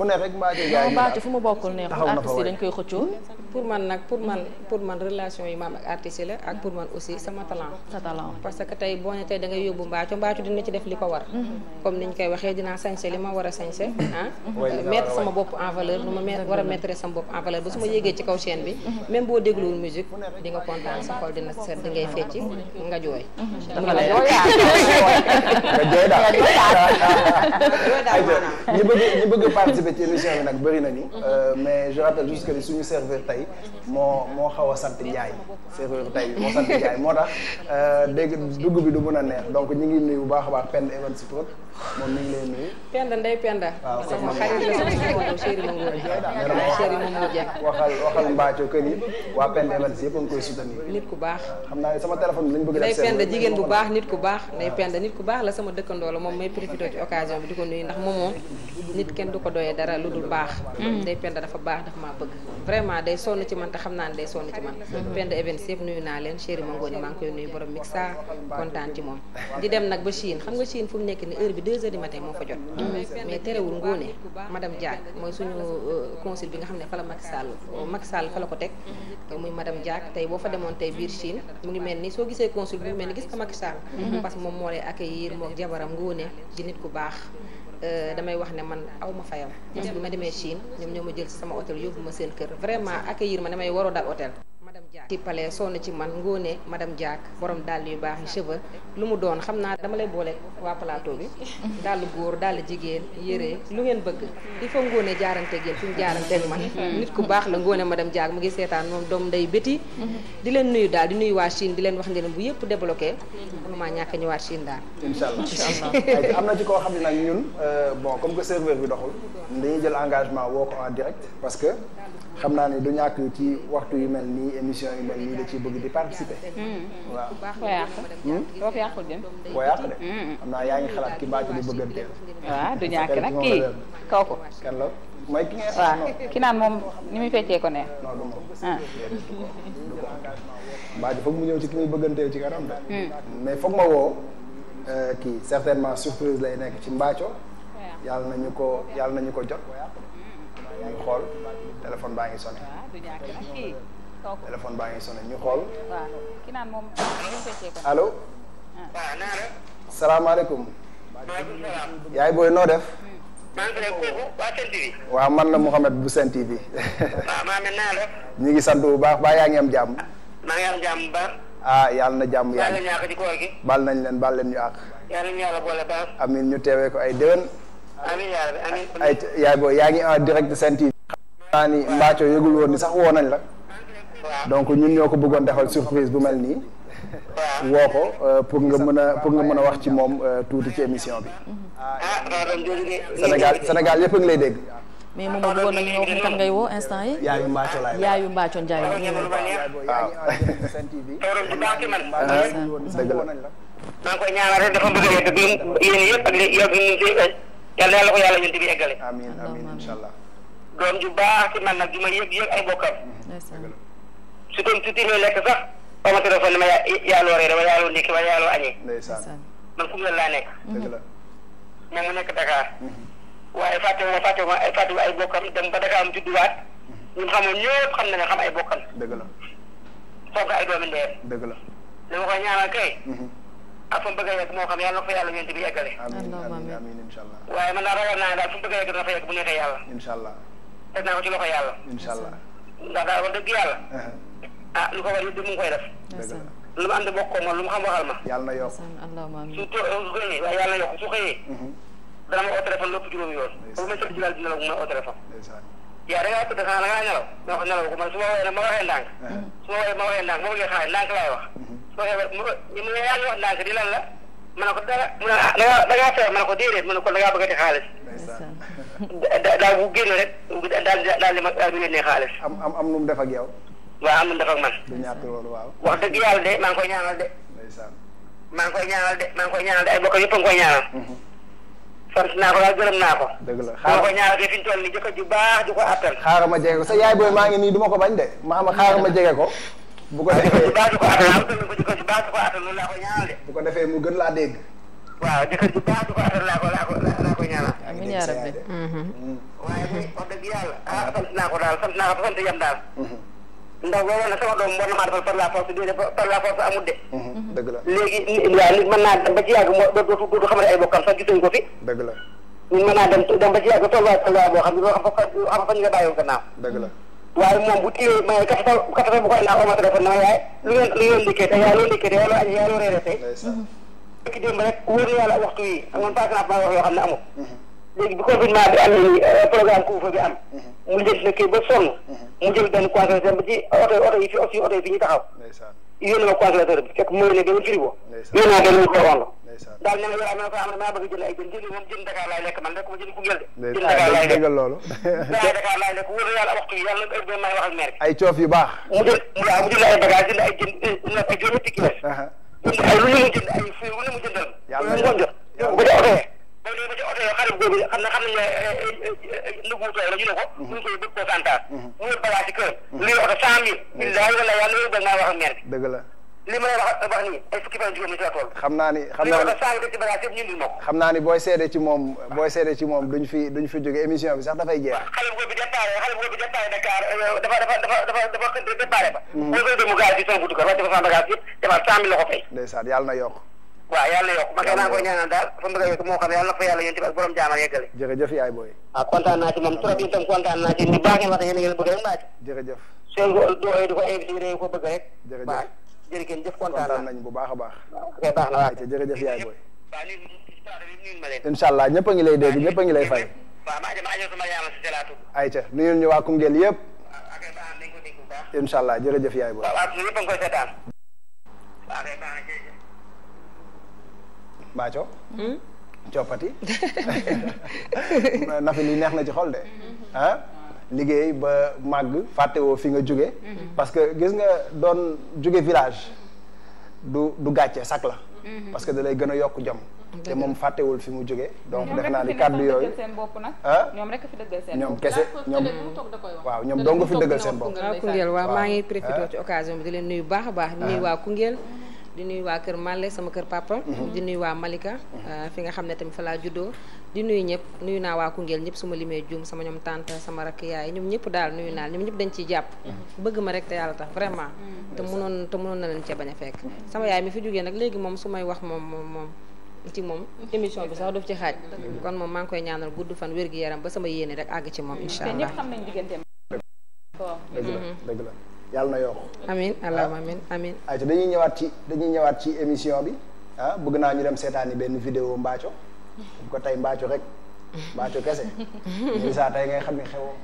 fu ne rek Mbathio gaa yi. non Mbathio fu mu bokkul neexul artistes yi dañ koy xëccoo. pour man nag pour man pour man relation yi ma am ak artiste la ak pour man aussi sama talent. sa talent parce que tey boo ne tey da ngay yóbbu mbaacu mbaacu dina ci def li ko war. Mm-hmm. comme niñ koy waxee dinaa sañse li ma war a sañse ah sama bopp en valeur lu ma war a mettre sama bopp en valeur ba su ma yéegee ci kaw chaîne bi. Mm-hmm. même boo dégluwul musique di nga kontaan sa xol dina set di ngay nga jooy. Mm-hmm. dafa lay nga jooy daal ñu bëgg ñu bëgg participer ci émission bi nag bëri na euh, tey moo moo xaw a sant Ndiaye séeréer tey moo sant Ndiaye moo tax euh, dégg dugg bi du mën a neex donc ñu ngi nuyu bu baax a baax Penda Evans Prod Penda Ndeye Penda. sama xarit ma Ngor chéri ma Ngor Dieng. waxal waxal Mbacco kër yi waa Penda Evans yëpp a ngi koy nit ku baax. xam naa ne sama téléphone bi lañ Penda jigéen bu baax nit ku baax. Ndeye Penda nit ku baax la sama dëkkandoo la moom may profité ci occasion bi di ko nuyu ndax moom moom nit kenn du ko doyee dara lu dul baax. Hmm. Ndeye Penda dafa baax dafa maa bëgg. vraiment day sonn ci man te xam naa ne day sonn ci man. Penda Evans yëpp nuyu naa leen chéri ma Ngor maa ngi koy nuyu borom mixa kontaan ci moom di dem nag ba Chine xam nga Chine fu mu nekk ni bi 2 heures du matin moo fa jot. mais terewul ngoone madame Diack mooy suñu euh, consul bi nga xam ne fa la Macky Sall Macky Sall fa la ko teg. muy madame Diack tey boo fa demoon tey biir Chine mu ngi mel ni soo gisee consul bi mu mel ni gis nga Macky Sall. Mhm. parce moom moo lay accueillir moom jabaram ngoone di nit ku baax. Euh, damay wax ne man aw ma fayam. bi ma demee Chine ñoom ñoo ma jël sama hôtel yóbbu ma seen kër vraiment accueillir ma may waroo dal otel madame Diak ci palais sonn ci man ngóone madame Diak borom dàll yu baax yi cheveux lu mu doon xam naa dama lay boole waa plateau bi dàll góor dàll jigéen yére lu ngeen bëgg il faut ngóone jaarante géen fi mu jaarante ak man mm-hmm. nit ku baax la ngóone madame Diak mu ngi seetaan moom doom nday béti mm-hmm. di leen nuyu daal di nuyu waa Chine di leen wax ne bu yëpp débloqué mënumaa ñàkk ñëwaat Chine daal incha allah am na ci koo xam ne nag ñun euh, bon comme que serveur bi doxul dañuy jël engagement woo ko en direct parce que xam naa ne du ñàkk émission yu mel nii da ciy bëgg di participer. Mm. waaw koo yàq koo hmm? ko yàqul jëm. de. Mm. xam naa yaa ngi xalaat ki mbaa ci di bëgganteel. waaw ah, du ñàkk nag kii kooku. kan mooy ki ngeen. waaw ki naan moom ni muy feccee ko neex. non du moom. mbaa ah. ji foog mu ñëw ci ki muy hmm. mais foog ma woo euh, kii certainement surprise lay nekk ci mbaaco. yàlla na ñu ko yàlla na ñu ko jot. ñu hmm. xool téléphone baa ngi sonné. Ah, téléphone baa ngi sonné ñu xool. waaw ki naan ah. yaay booy noo def. Hmm. waa waaw man la Mouhamed bu Sen TV. waaw ñu ngi sant bu baax baa yaa ngi am jàmm. maa ngi am ah yàlla na jàmm yaa ngi. baal nañ leen baal leen ñu àq. yàlla ñu teewee ko ay déwén. yaa ngi amiin. ay yaay booy yaa ngi en direct Sen TV. maa ni woon sax woo nañ la. donc ñun ñoo ko bëggoon defal surprise bu mel nii woo ko euh, pour nga mën a pour nga mën a wax ci moom euh, tuuti ci émission bi ah, Sénégal Sénégal yëpp a ngi lay dégg mais moom moo bëggoon nañu wax kan ngay woo instant yi. yaayu Mbacco laay woo yaayu Mbacco Ndiaye. waaw. Ah, ah, dëgg la. maa ngi koy ñaanal rek dafa bëgg a déglu yéen yëpp ak yéen yëpp yal na la ko yàlla ñun di eggale. amiin amiin incha allah. doom ju baax ci man nag ju ma yëg yëg ay bokkam. su doon su tiimee lekk sax ba ma téléphone dama yaaloo reer dama yaaloo ndékki ma yaaloo añee man Koungheul laa nekk moom mu nekk Dakar mhm. waaye fàtte ma fàtte ma fàtte ma ay bokkam dem ba Dakar am judduwaat mhm. ñun xamoon ñëpp xam na nga xam ay bokkam dëgg la foog ay doomi ndeyam dëgg la li ma koy ñaanal kay mhm. ak fa mu bëgg a yegg moo xam yàlla na ko fa yàlla yonent bi yeggale amiin amiin amiin incha allah waaye man daal ragal naa ne daal fu mu a bu neexee yàlla incha allah teg naa ko ci loxo yàlla incha allah ndax daal wax dëgg yàlla. Uh-huh. ah lu ko war yëpp mu ngi koy def. lu mu ànd bokkoo ma lu mu xam waxal ma. yàlla na yokk su too gënee waaye yàlla na yokk su xëyee. Uh-huh. dana ma oo téléphone lépp juróomi yoon. bu ma sëb jilaal dina la ma oo téléphone. yaa da ngaa tudd xanaa da ngaa nelaw ma wax nelaw ko man su ma woowee nag ma waxee ndànk. Uh-huh. su ma woowee ma waxee ndànk ma bëggee xaar ndànk laay wax. su ma xewee mu ne yaa ngi wax ndànk di lan la ma ne ko dara mu ne ah da ngaa da ngaa feebar ma ne ko déedéet ma ne ko da ngaa bëgg a di xaalis daal bu génn rek daal daal di ma daal di yónnee xaalis. am am am nu mu def ak yow. waaw am nu mu def man. du ñàkk waaw. wax dëgg yàlla de maa ngi koy ñaanal de. ndeysaan. maa ngi koy ñaanal de maa ngi koy ay bokk yëpp a ngi koy ñaanal. Mhm. sant ko daal gërëm naa ko. dëgg la xaaral ma koy ñaanal de fi ñu toll nii jëkkër ju baax ju ko attan. xaaral ma jege ko sa yaay booy maa ngi nii du ko bañ de maa ma xaaral ma jege ko. bu a defee bu ko defee mu gën laa dégg waaw jëkkër ju baax ju ko affaire laa ko laa ko laa ko ñaanal. amiin yaa rabbi. waaye muy wax dëgg yàlla ah sant naa ko daal sant naa ko sant yam daal. ndax boo na sama doom la force déedéet par la naa ba ci mo moo dootu dootu xamal ay bokkam sax gisuñ ko fi. dëgg la nit mën naa dem dem ba ci yàgg tolluwaay tolluwaay boo xam ne xam fa fa ñu nga la. waaye moom bu téye ma katata katata bu koy naa oma na ma yaay lu ngeen lu ngeen liggéey te yaay loo liggéey léegi démb rek wóor na yàlla waxtu yi man passé naa wax yoo xam ne amul. léegi bi confinement bi am ni programme couvre-feu bi am. mu jël na kii ba sonn. mu jël benn conservateur ba ci oto oto yi fi aussi oto yi fi ñu taxaw. yónni ma conservateur bi fekk mu ne benn frigo. yónni naa benn micro onde. daal ñu ne yow am na ko am na maa bëgg jënd ay jën jënd moom jënd Dakar laay lekk man lekk ma jënd Koungheul de. jënd Dakar laay lekk loolu. Dakar laay lekk wóor na yàlla waxtu yi yàlla heure bi may wax ak maire bi. ay coof yu baax. mu jël mu jël ay bagage jënd ay jën ay juróomi kilo ay lu ñu jënd ay si lu mu jëndal. yàlla na jot bu ca oto boo ñëwee ba ca oto xale boobu xam na xam nañ ne nu guur la ñu ne ko. ñu koy bëgg ko santaar. mu ngi bagage mhm. ci kër. Mhm. lii oto cent mille. Mhm. billahi wala yàlla loolu da ngaa wax ak maire bi. dëgg la. li may wax wax nii ay fukki fan juróom naa ni xam naa ni ci bagage yëpp naa ni booy seede ci moom booy seede ci moom duñ fi duñ fi jóge émission bi sax dafay jeex euh, dafa dafa dafa dafa dafa hmm. mu koy déglu gaal ci son ko fay ndeysaan yàlla na yokk waaw yàlla yokk man kay naa koy ñaanal daal fa a yokk moo xam yàlla na fa yàlla yonti ak borom jaama ah, kontaan naa ci moom trop naa ci ni baax ngeen wax yéen ngeen bëgg rek mbaa jërëjëf seen du ko invité ko bëgg rek jërëjëf jërë ngeen jëf kontaan bu baax a baax. waaw baax na waaw ayca jërëjëf yaay booy. incha allah ñëpp a ngi lay dégg ñëpp a ngi lay fay. ayca nuyul ñu waa Koungheul yëpp. incha allah jërëjëf yaay booy. Mbaaco. Hmm? coppati. Nafi li neex na ci xol de mm-hmm. ah. liggéey ba màgg fàttewoo fi nga jóge mhm. parce que gis nga doon jóge village du du gàcce sax la mhm. parce que dalay gën a yokk jom te moom fàttewul fi mu jóge donc def naa ni kàddu yooyu seen bopp nag ah? ñoom rek ñoom kese ñoom waaw ñoom dong fi dëggal seen bopp waa Koungheul waaw maa ngi profité ah? ci occasion bi di leen nuyu baax a baax nuyu ah? waa Koungheul di nuyu waa kër Malle sama kër papa. Mhm. di nuyu waa Malika. Mhm. Euh, fi nga xam ne tamit fa laa juddoo. di nuyu ñëpp nuyu naa waa Koungheul ñëpp su ma limee juum sama ñoom tante sama rakk yaay ñoom ñëpp daal nuyu naa ñoom ñëpp dañ ciy jàpp. Mhm. bëgg ma rek te yàlla tax vraiment. te mënoon te mënoon na leen cee bañ a fekk. sama yaay mi fi jógee nag léegi moom su may wax moom moom moom. ci moom émission bi sax daf ci xaaj. kon moom maa ngi koy ñaanal gudd fan wér gi yaram ba sama yéene rek àgg ci moom. incha allah dëgg la yàlla na yokk amin ah. allahumma amin amin ay te dañuy ñëwaat ci dañuy ñëwaat ci émission bi ah bëgg naa ñu dem seetaani benn vidéo mbaaco bu ko tey mbaaco rek mbaaco kese saa tey ngay xam ne xewoon